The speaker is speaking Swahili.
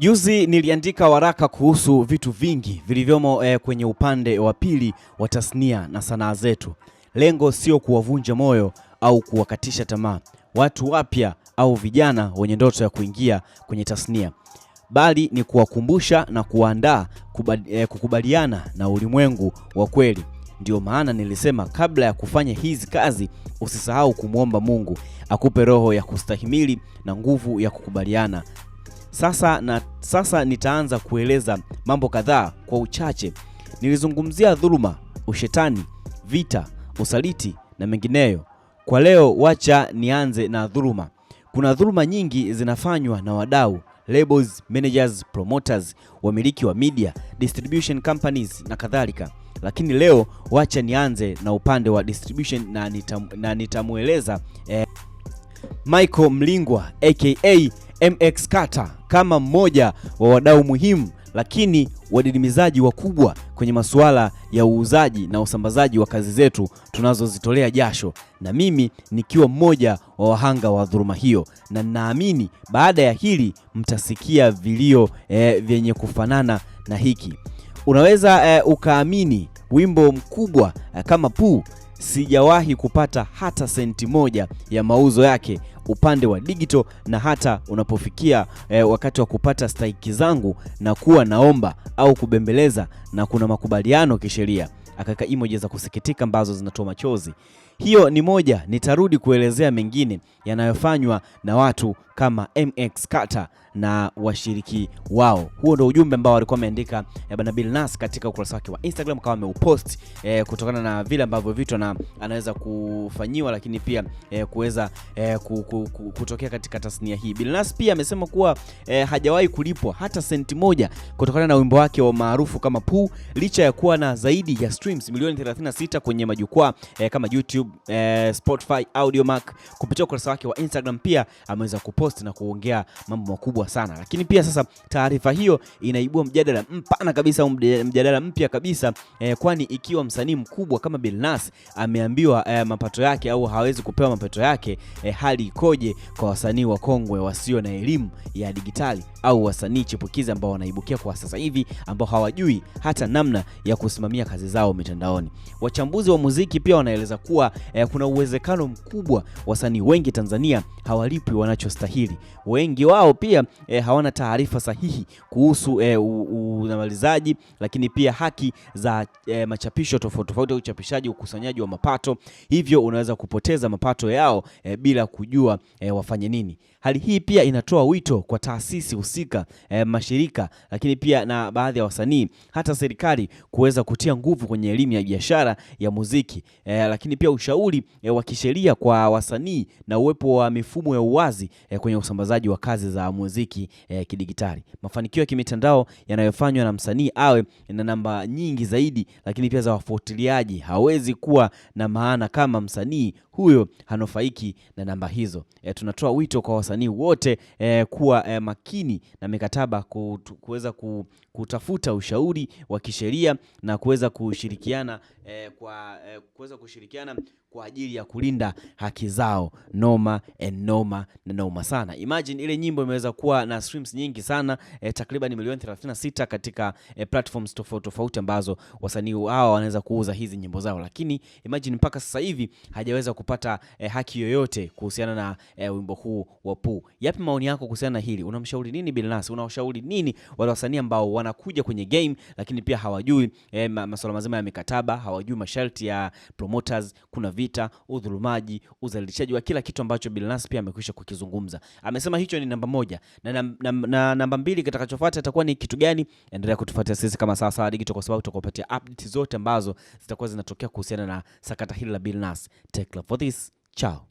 Juzi niliandika waraka kuhusu vitu vingi vilivyomo eh, kwenye upande wa pili wa tasnia na sanaa zetu. Lengo sio kuwavunja moyo au kuwakatisha tamaa watu wapya au vijana wenye ndoto ya kuingia kwenye tasnia, bali ni kuwakumbusha na kuwaandaa eh, kukubaliana na ulimwengu wa kweli. ndio maana nilisema kabla ya kufanya hizi kazi usisahau kumwomba Mungu akupe roho ya kustahimili na nguvu ya kukubaliana sasa, na, sasa nitaanza kueleza mambo kadhaa kwa uchache. Nilizungumzia dhuluma, ushetani, vita, usaliti na mengineyo. Kwa leo wacha nianze na dhuluma. Kuna dhuluma nyingi zinafanywa na wadau, labels, managers, promoters, wamiliki wa media, distribution companies na kadhalika. Lakini leo wacha nianze na upande wa distribution na nitam, na nitamweleza eh, Michael Mlingwa aka MX Kata kama mmoja wa wadau muhimu lakini wadidimizaji wakubwa kwenye masuala ya uuzaji na usambazaji wa kazi zetu tunazozitolea jasho, na mimi nikiwa mmoja wa wahanga wa dhuluma hiyo, na ninaamini baada ya hili mtasikia vilio eh, vyenye kufanana na hiki. Unaweza eh, ukaamini wimbo mkubwa eh, kama Puu sijawahi kupata hata senti moja ya mauzo yake upande wa digital, na hata unapofikia eh, wakati wa kupata stahiki zangu na kuwa naomba au kubembeleza na kuna makubaliano kisheria, akaweka emoji za kusikitika ambazo zinatoa machozi. Hiyo ni moja, nitarudi kuelezea mengine yanayofanywa na watu kama MX Carter na washiriki wao. Huo ndio ujumbe ambao walikuwa wameandika eh, bwana Billnass katika ukurasa wake wa Instagram, kama ameupost e, kutokana na vile ambavyo vitu na anaweza kufanyiwa, lakini pia e, kuweza eh, kutokea katika tasnia hii. Billnass pia amesema kuwa e, hajawahi kulipwa hata senti moja kutokana na wimbo wake wa maarufu kama pu licha ya kuwa na zaidi ya streams milioni 36 kwenye majukwaa e, kama YouTube, e, Spotify, Mac. Kupitia ukurasa wake wa Instagram pia ameweza kupost na kuongea mambo makubwa sana, lakini pia sasa taarifa hiyo inaibua mjadala mpana kabisa, mjadala mpya kabisa eh, kwani ikiwa msanii mkubwa kama Billnass ameambiwa eh, mapato yake au hawezi kupewa mapato yake eh, hali ikoje kwa wasanii wakongwe wasio na elimu ya digitali au wasanii chipukizi ambao wanaibukia kwa sasa hivi ambao hawajui hata namna ya kusimamia kazi zao mitandaoni. Wachambuzi wa muziki pia wanaeleza kuwa eh, kuna uwezekano mkubwa wasanii wengi Tanzania hawalipwi wanachostahili. Wengi wao pia e, hawana taarifa sahihi kuhusu e, unamalizaji lakini pia haki za e, machapisho tofauti tofauti, uchapishaji, ukusanyaji wa mapato, hivyo unaweza kupoteza mapato yao e, bila kujua e, wafanye nini. Hali hii pia inatoa wito kwa taasisi husika e, mashirika, lakini pia na baadhi ya wasanii, hata serikali kuweza kutia nguvu kwenye elimu ya biashara ya muziki e, lakini pia ushauri e, wa kisheria kwa wasanii na uwepo wa mifumo ya uwazi e, kwenye usambazaji wa kazi za muziki muziki eh, kidigitali. Mafanikio ya kimitandao yanayofanywa na msanii awe na namba nyingi zaidi, lakini pia za wafuatiliaji hawezi kuwa na maana kama msanii huyo hanufaiki na namba hizo. E, tunatoa wito kwa wasanii wote e, kuwa e, makini na mikataba, kuweza kutafuta ushauri wa kisheria na kuweza kushirikiana e, kwa e, kuweza kushirikiana kwa ajili ya kulinda haki zao. Noma and noma na noma sana. Imagine ile nyimbo imeweza kuwa na streams nyingi sana e, takriban milioni 36 katika e, platforms tofauti tofauti ambazo wasanii hao wanaweza kuuza hizi nyimbo zao, lakini imagine mpaka sasa hivi hajaweza kupata eh, haki yoyote kuhusiana na eh, wimbo huu wa Puu. Yapi maoni yako kuhusiana na hili? Unamshauri nini Billnass? Unawashauri nini wale wasanii ambao wanakuja kwenye game lakini pia hawajui eh, masuala mazima ya mikataba, hawajui masharti ya promoters, kuna vita, udhulumaji, uzalishaji wa kila kitu ambacho Billnass pia amekwisha kukizungumza. Amesema hicho ni namba moja na, na, na, na namba mbili kitakachofuata itakuwa ni kitu gani? Endelea kutufuatia sisi kama Sawasawa Digital kwa sababu tutakupatia update zote ambazo zitakuwa zinatokea kuhusiana na sakata hili la Billnass. Take love. Ciao.